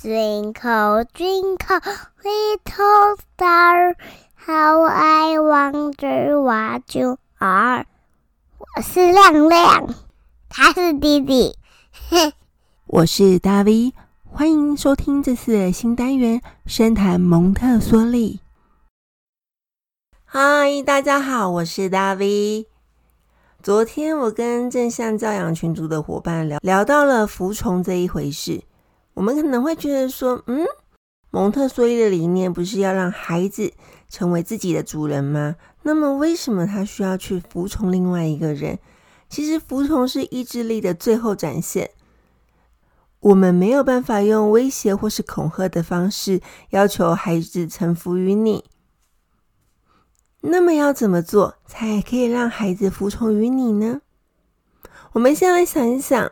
Twinkle, twinkle, little star, how I wonder what you are。我是亮亮，他是弟弟。 我是 David，歡迎收聽這次的新單元《深談蒙特梭利》。嗨，大家好，我是 David。昨天我跟正向教養群組的夥伴聊聊到了服從這一回事。我們可能會覺得說，嗯，蒙特梭利的理念不是要讓孩子成為自己的主人嗎？那麼，為什麼他需要去服從另外一個人？其實，服從是意志力的最後展現。我們沒有辦法用威脅或是恐嚇的方式要求孩子臣服於你。那麼，要怎麼做才可以讓孩子服從於你呢？我們先來想一想，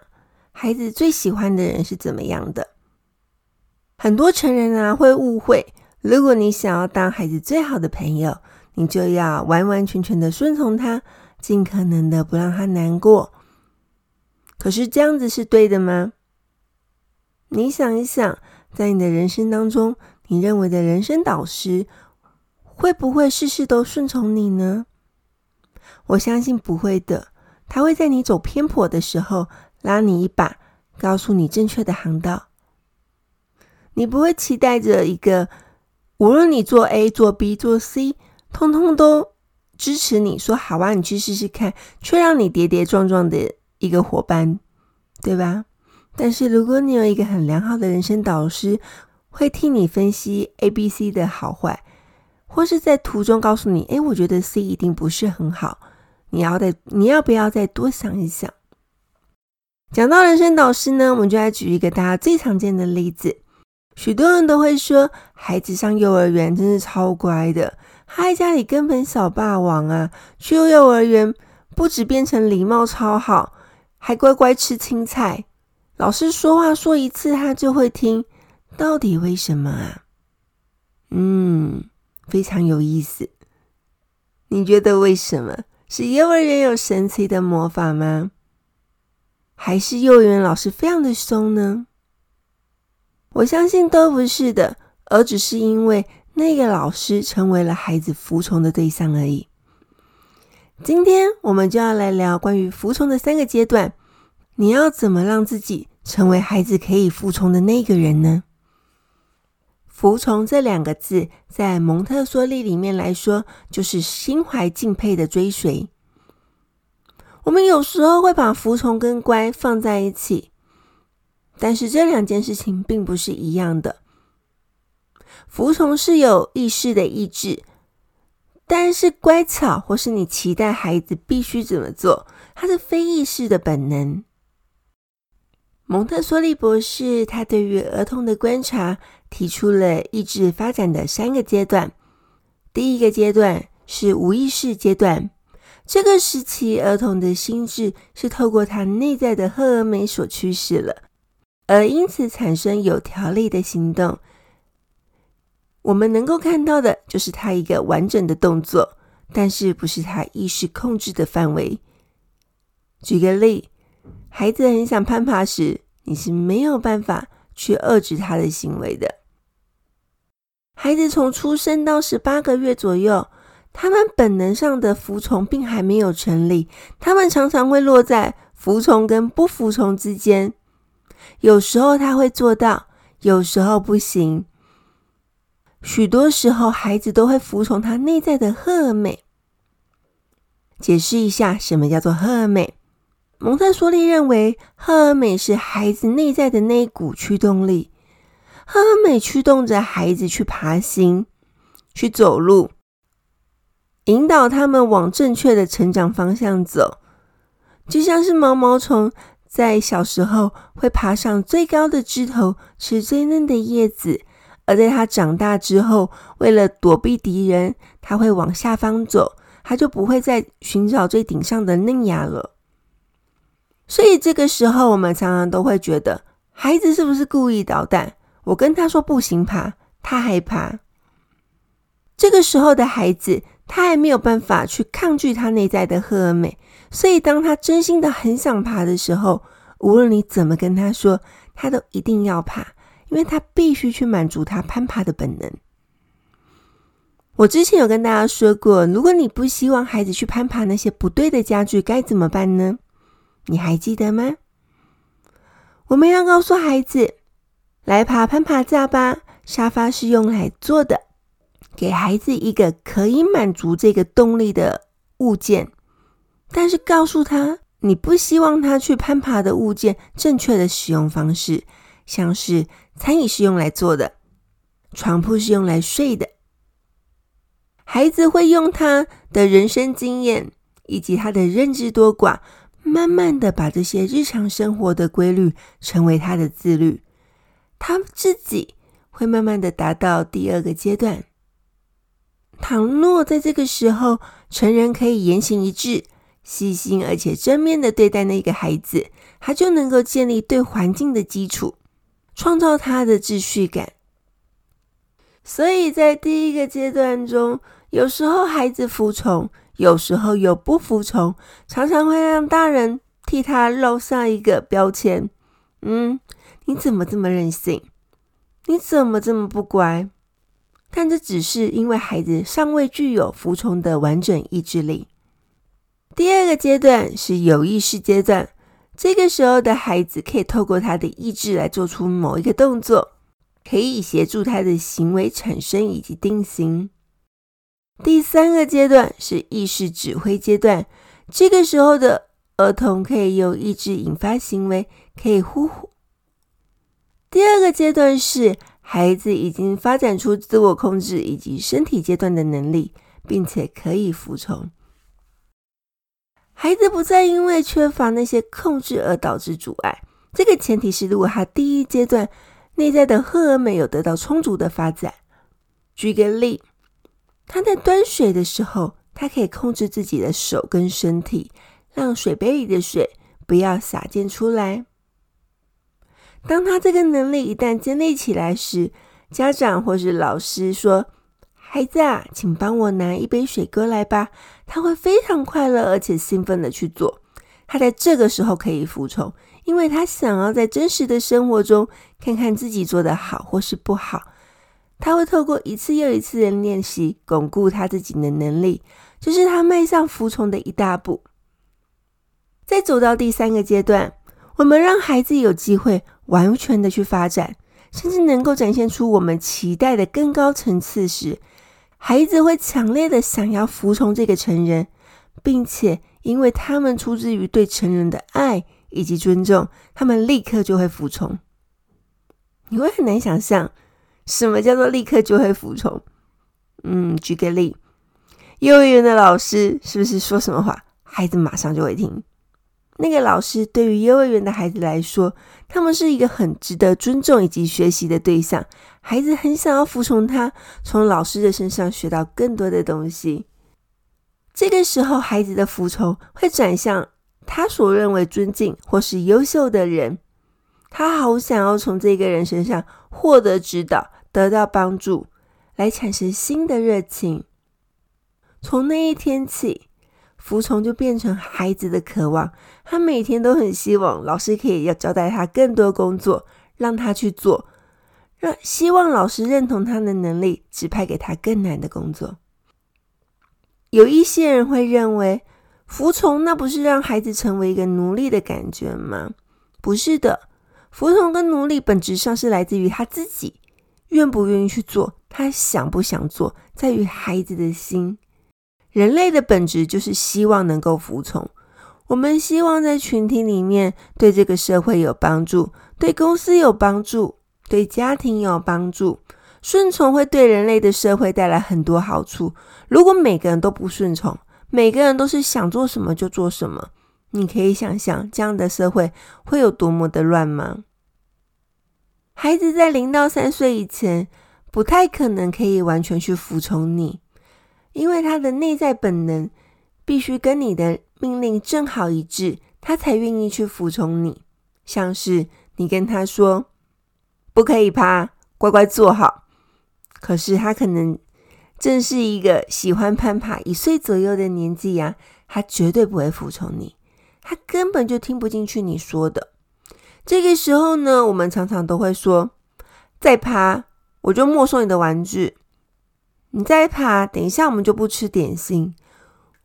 孩子最喜歡的人是怎麼樣的？很多成人啊會誤會，如果你想要當孩子最好的朋友，你就要完完全全的順從他，盡可能的不讓他難過。可是這樣子是對的嗎？你想一想，在你的人生當中，你認為的人生導師會不會事事都順從你呢？我相信不會的，他會在你走偏頗的時候拉你一把，告訴你正確的航道。你不會期待着一個無論你做 A 做 B 做 C，通通都支持你說好啊，你去試試看，卻讓你跌跌撞撞的一個夥伴，對吧？但是如果你有一個很良好的人生導師，會替你分析 A、B、C 的好壞，或是在途中告訴你：“誒，我覺得 C 一定不是很好，你要再，你要不要再多想一想？”講到人生導師呢，我們就來舉一個大家最常見的例子。許多人都會說，孩子上幼兒園真是超乖的，他的家裡根本小霸王啊，去幼兒園不只變成禮貌超好，還乖乖吃青菜，老師說話說一次他就會聽，到底為什麼啊？嗯，非常有意思，你覺得為什麼？是幼兒園有神奇的魔法嗎？還是幼兒園老師非常的兇呢？我相信都不是的，而只是因為那個老師成為了孩子服從的對象而已。今天我們就要來聊關於服從的三個階段，你要怎麼讓自己成為孩子可以服從的那個人呢？服從這兩個字在蒙特梭利裡面來說，就是心懷敬佩的追隨。我們有時候會把服從跟乖放在一起。但是這兩件事情並不是一樣的。服從是有意識的意志，但是乖巧或是你期待孩子必須怎麼做，它，是非意識的本能。蒙特梭利博士他對於兒童的觀察，提出了意志發展的三個階段。第一個階段是無意識階段，這個時期兒童的心智是透過他內在的荷爾蒙所驅使了，而因此產生有條理的行動，我們能夠看到的就是他一個完整的動作，但是不是他意識控制的範圍。舉個例，孩子很想攀爬時，你是沒有辦法去遏制他的行為的。孩子從出生到十八個月左右，他們本能上的服從並還沒有成立，他們常常會落在服從跟不服從之間。有時候他會做到，有時候不行。許多時候，孩子都會服從他內在的赫爾美。解釋一下，什麼叫做赫爾美？蒙特梭利認為，赫爾美是孩子內在的那股驅動力。赫爾美驅動着孩子去爬行，去走路，引導他們往正確的成長方向走，就像是毛毛蟲。在小時候會爬上最高的枝頭，吃最嫩的葉子，而在他長大之後，為了躲避敵人，他會往下方走，他就不會再尋找最頂上的嫩芽了。所以這個時候，我們常常都會覺得孩子是不是故意搗蛋？我跟他說不行爬，他還爬。這個時候的孩子，他還沒有辦法去抗拒他內在的荷爾美。所以，當他真心的很想爬的時候，無論你怎麼跟他說，他都一定要爬，因為他必須去滿足他攀爬的本能。我之前有跟大家說過，如果你不希望孩子去攀爬那些不對的家具，該怎麼辦呢？你還記得嗎？我們要告訴孩子，來爬攀爬架吧，沙發是用來坐的，給孩子一個可以滿足這個動力的物件。但是告訴他，你不希望他去攀爬的物件，正確的使用方式，像是餐椅是用來坐的，床鋪是用來睡的。孩子會用他的人生經驗以及他的認知多寡，慢慢的把這些日常生活的規律成為他的自律，他自己會慢慢的達到第二個階段。倘若在這個時候，成人可以言行一致，細心而且正面的對待那個孩子，他就能夠建立對環境的基礎，創造他的秩序感。所以在第一個階段中，有時候孩子服從，有時候又不服從，常常會讓大人替他烙上一個標籤：“嗯，你怎麼這麼任性？你怎麼這麼不乖？”但這只是因為孩子尚未具有服從的完整意志力。第二個階段是有意識階段，這個時候的孩子可以透過他的意志來做出某一個動作，可以協助他的行為產生以及定型。第三個階段是意識指揮階段，這個時候的兒童可以用意志引發行為，可以呼呼。第二個階段是孩子已經發展出自我控制以及身體階段的能力，並且可以服從。孩子不再因為缺乏那些控制而導致阻礙。這個前提是，如果他第一階段內在的荷爾蒙有得到充足的發展。舉個例，他在端水的時候，他可以控制自己的手跟身體，讓水杯裡的水不要灑濺出來。當他這個能力一旦建立起來時，家長或是老師說。孩子啊，請幫我拿一杯水過來吧。他會非常快樂，而且興奮的去做。他在這個時候可以服從，因為他想要在真實的生活中看看自己做的好或是不好。他會透過一次又一次的練習，鞏固他自己的能力，這、就是他邁向服從的一大步。再走到第三個階段，我們讓孩子有機會完全的去發展，甚至能夠展現出我們期待的更高層次時。孩子會強烈的想要服從這個成人，並且因為他們出自於對成人的愛以及尊重，他們立刻就會服從。你會很難想象，什麼叫做立刻就會服從？嗯，舉個例，幼兒園的老師是不是說什麼話，孩子馬上就會聽？那個老師對於幼兒園的孩子來說，他們是一個很值得尊重以及學習的對象。孩子很想要服從他，從老師的身上學到更多的東西。這個時候，孩子的服從會轉向他所認為尊敬或是優秀的人。他好想要從這個人身上獲得指導，得到幫助，來產生新的熱情。從那一天起，服從就變成孩子的渴望，他每天都很希望老師可以要交代他更多工作，讓他去做，讓希望老師認同他的能力，指派給他更難的工作。有一些人會認為，服從那不是讓孩子成為一個奴隸的感覺嗎？不是的，服從跟奴隸本質上是來自於他自己，願不願意去做，他想不想做，在於孩子的心。人類的本質就是希望能夠服從。我們希望在群體裡面對這個社會有幫助，對公司有幫助，對家庭有幫助。順從會對人類的社會帶來很多好處。如果每個人都不順從，每個人都是想做什麼就做什麼，你可以想想這樣的社會會有多麼的亂嗎？孩子在零到三歲以前，不太可能可以完全去服從你。因為他的內在本能必須跟你的命令正好一致，他才願意去服從你。像是你跟他說“不可以爬，乖乖坐好”，可是他可能正是一個喜歡攀爬一歲左右的年紀呀，啊，他絕對不會服從你，他根本就聽不進去你說的。這個時候呢，我們常常都會說：“再爬，我就沒收你的玩具。”你再爬，等一下我們就不吃點心。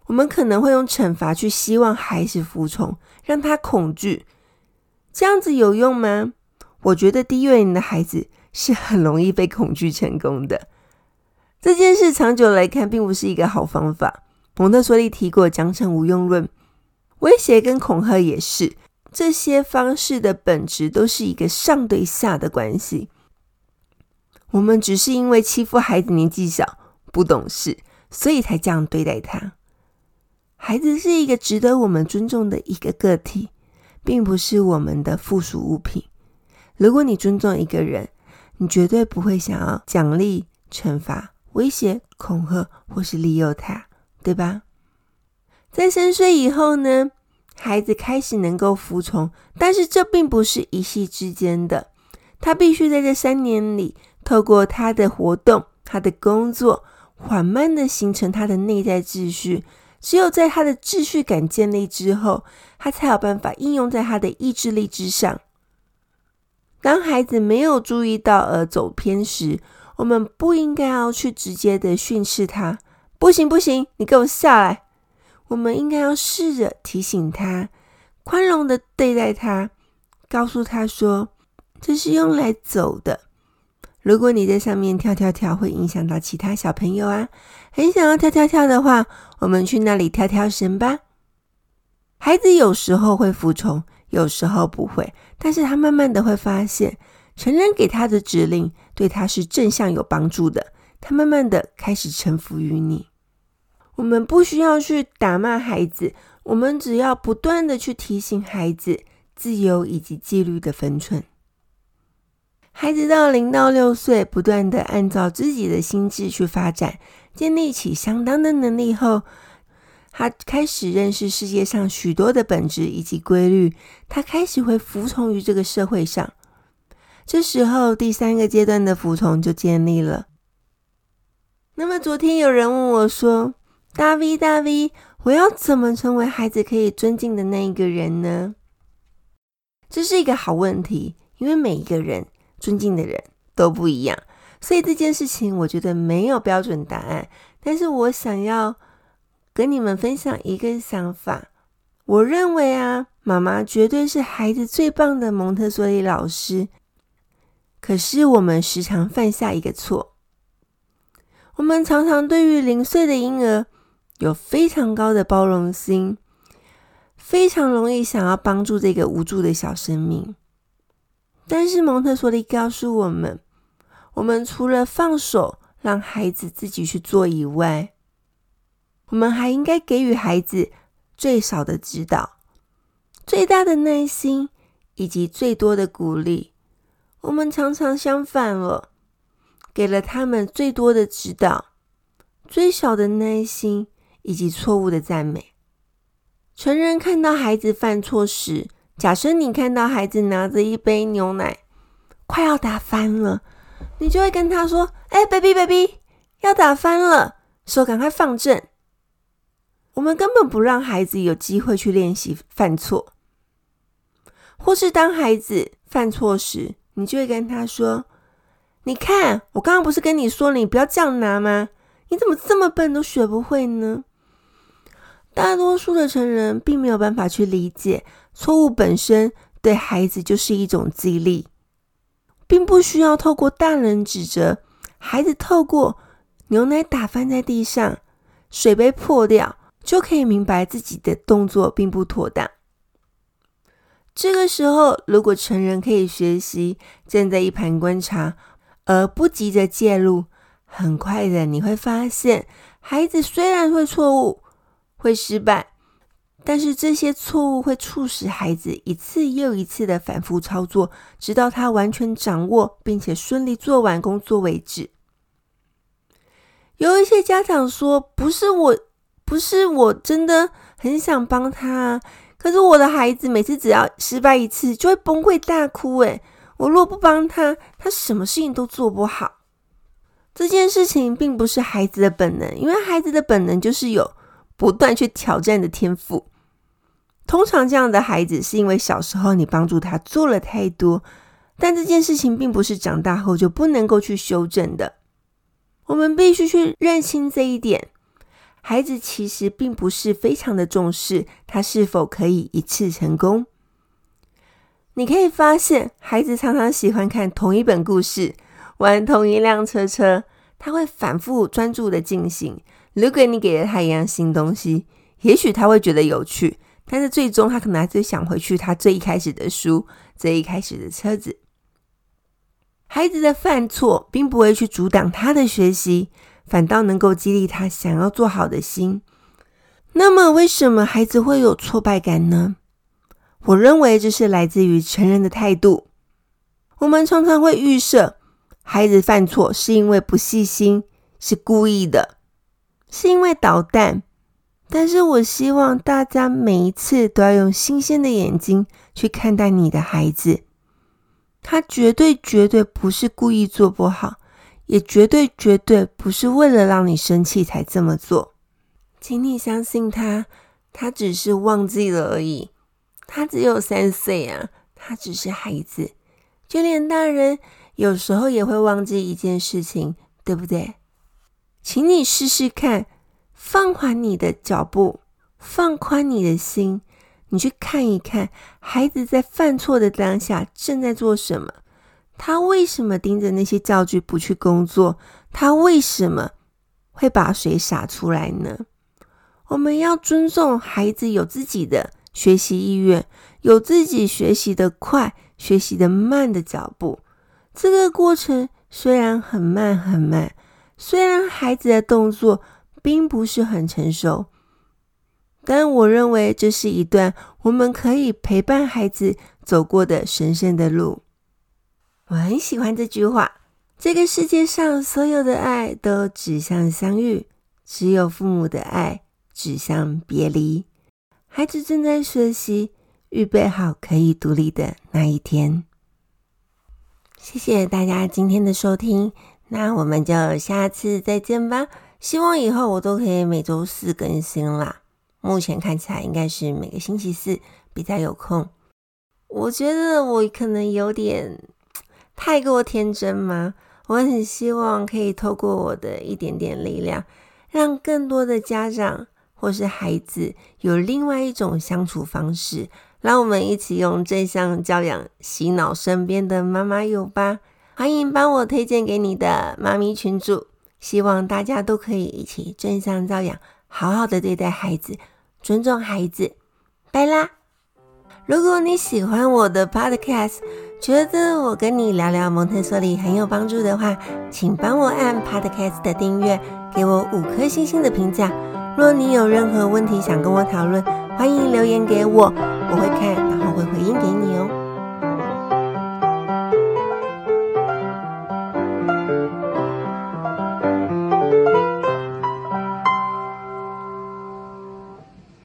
我們可能會用懲罰去希望孩子服從，讓他恐懼。這樣子有用嗎？我覺得低月齡的孩子是很容易被恐懼成功的。這件事長久來看，並不是一個好方法。蒙特梭利提過“獎懲無用論”，威脅跟恐嚇也是。這些方式的本質都是一個上對下的關係。我們只是因為欺負孩子年紀小，不懂事，所以才這樣對待他。孩子是一個值得我們尊重的一個個體，並不是我們的附屬物品。如果你尊重一個人，你絕對不會想要獎勵、懲罰、威脅、恐嚇或是利誘他，對吧？在三歲以後呢，孩子開始能夠服從，但是這並不是一夕之間的。他必須在這三年裡，透過他的活動、他的工作，緩慢的形成他的內在秩序，只有在他的秩序感建立之後，他才有辦法應用在他的意志力之上。當孩子沒有注意到而走偏時，我們不應該要去直接的訓斥他。不行不行，你給我下來。我們應該要試着提醒他，寬容的對待他，告訴他說，這是用來走的。如果你在上面跳跳跳，會影響到其他小朋友啊！很想要跳跳跳的話，我們去那裡跳跳繩吧。孩子有時候會服從，有時候不會，但是他慢慢的會發現，成人給他的指令對他是正向有幫助的。他慢慢的開始臣服於你。我們不需要去打罵孩子，我們只要不斷的去提醒孩子自由以及紀律的分寸。孩子到零到六歲，不斷的按照自己的心智去發展，建立起相當的能力後，他開始認識世界上許多的本質以及規律，他開始會服從於這個社會上。這時候第三個階段的服從就建立了。那麼昨天有人問我說：“大 V 大 V，我要怎麼成為孩子可以尊敬的那一個人呢？”這是一個好問題，因為每一個人尊敬的人都不一樣，所以這件事情我覺得沒有標準答案。但是我想要跟你們分享一個想法，我認為啊，媽媽絕對是孩子最棒的蒙特梭利老師。可是我們時常犯下一個錯，我們常常對於零歲的嬰兒有非常高的包容心，非常容易想要幫助這個無助的小生命。但是蒙特梭利告訴我們，我們除了放手讓孩子自己去做以外，我們還應該給予孩子最少的指導、最大的耐心以及最多的鼓勵。我們常常相反了，給了他們最多的指導、最少的耐心以及錯誤的讚美。成人看到孩子犯錯時，假設你看到孩子拿着一杯牛奶快要打翻了，你就會跟他說：“哎，baby，baby，要打翻了，手趕快放正。”我們根本不讓孩子有機會去練習犯錯，或是當孩子犯錯時，你就會跟他說：“你看，我剛剛不是跟你說了你不要這樣拿嗎？你怎麼這麼笨都學不會呢？”大多數的成人並沒有辦法去理解。錯誤本身對孩子就是一種激勵，並不需要透過大人指責，孩子透過牛奶打翻在地上、水杯破掉，就可以明白自己的動作並不妥當。這個時候，如果成人可以學習站在一旁觀察，而不急着介入，很快的你會發現，孩子雖然會錯誤，會失敗。但是這些錯誤會促使孩子一次又一次的反覆操作，直到他完全掌握並且順利做完工作為止。有一些家長說：“不是我，不是我，真的很想幫他，可是我的孩子每次只要失敗一次就會崩潰大哭。”誒，我若不幫他，他什麼事情都做不好。這件事情並不是孩子的本能，因為孩子的本能就是有不斷去挑戰的天賦。通常這樣的孩子是因為小時候你幫助他做了太多，但這件事情並不是長大後就不能夠去修正的。我們必須去認清這一點。孩子其實並不是非常的重視他是否可以一次成功。你可以發現，孩子常常喜歡看同一本故事，玩同一輛車車，他會反覆專注的進行。如果你給了他一樣新東西，也許他會覺得有趣。但是最終，他可能還是想回去他最一開始的書、最一開始的車子。孩子的犯錯並不會去阻擋他的學習，反倒能夠激勵他想要做好的心。那麼，為什麼孩子會有挫敗感呢？我認為這是來自於成人的態度。我們常常會預設，孩子犯錯是因為不細心、是故意的、是因為搗蛋。但是我希望大家每一次都要用新鮮的眼睛去看待你的孩子，他絕對絕對不是故意做不好，也絕對絕對不是為了讓你生氣才這麼做。請你相信他，他只是忘記了而已。他只有三歲啊，他只是孩子，就連大人有時候也會忘記一件事情，對不對？請你試試看。放緩你的腳步，放寬你的心，你去看一看孩子在犯錯的當下正在做什麼？他為什麼盯着那些教具不去工作？他為什麼會把水灑出來呢？我們要尊重孩子有自己的學習意願，有自己學習的快、學習的慢的腳步。這個過程雖然很慢很慢，雖然孩子的動作。並不是很成熟，但我認為這是一段我們可以陪伴孩子走過的神聖的路。我很喜歡這句話：這個世界上所有的愛都指向相遇，只有父母的愛指向別離。孩子正在學習，預備好可以獨立的那一天。謝謝大家今天的收聽，那我們就下次再見吧。希望以後我都可以每周四更新啦。目前看起來應該是每個星期四比較有空。我覺得我可能有點太過天真嗎？我很希望可以透過我的一點點力量，讓更多的家長或是孩子有另外一種相處方式。讓我們一起用正向教養洗腦身邊的媽媽友吧！歡迎幫我推薦給你的媽咪群主。希望大家都可以一起正向教養，好好的對待孩子，尊重孩子。拜啦！如果你喜歡我的 podcast，覺得我跟你聊聊蒙特梭利很有幫助的話，請幫我按 podcast 的訂閱，給我五顆星星的評價。若你有任何問題想跟我討論，歡迎留言給我，我會。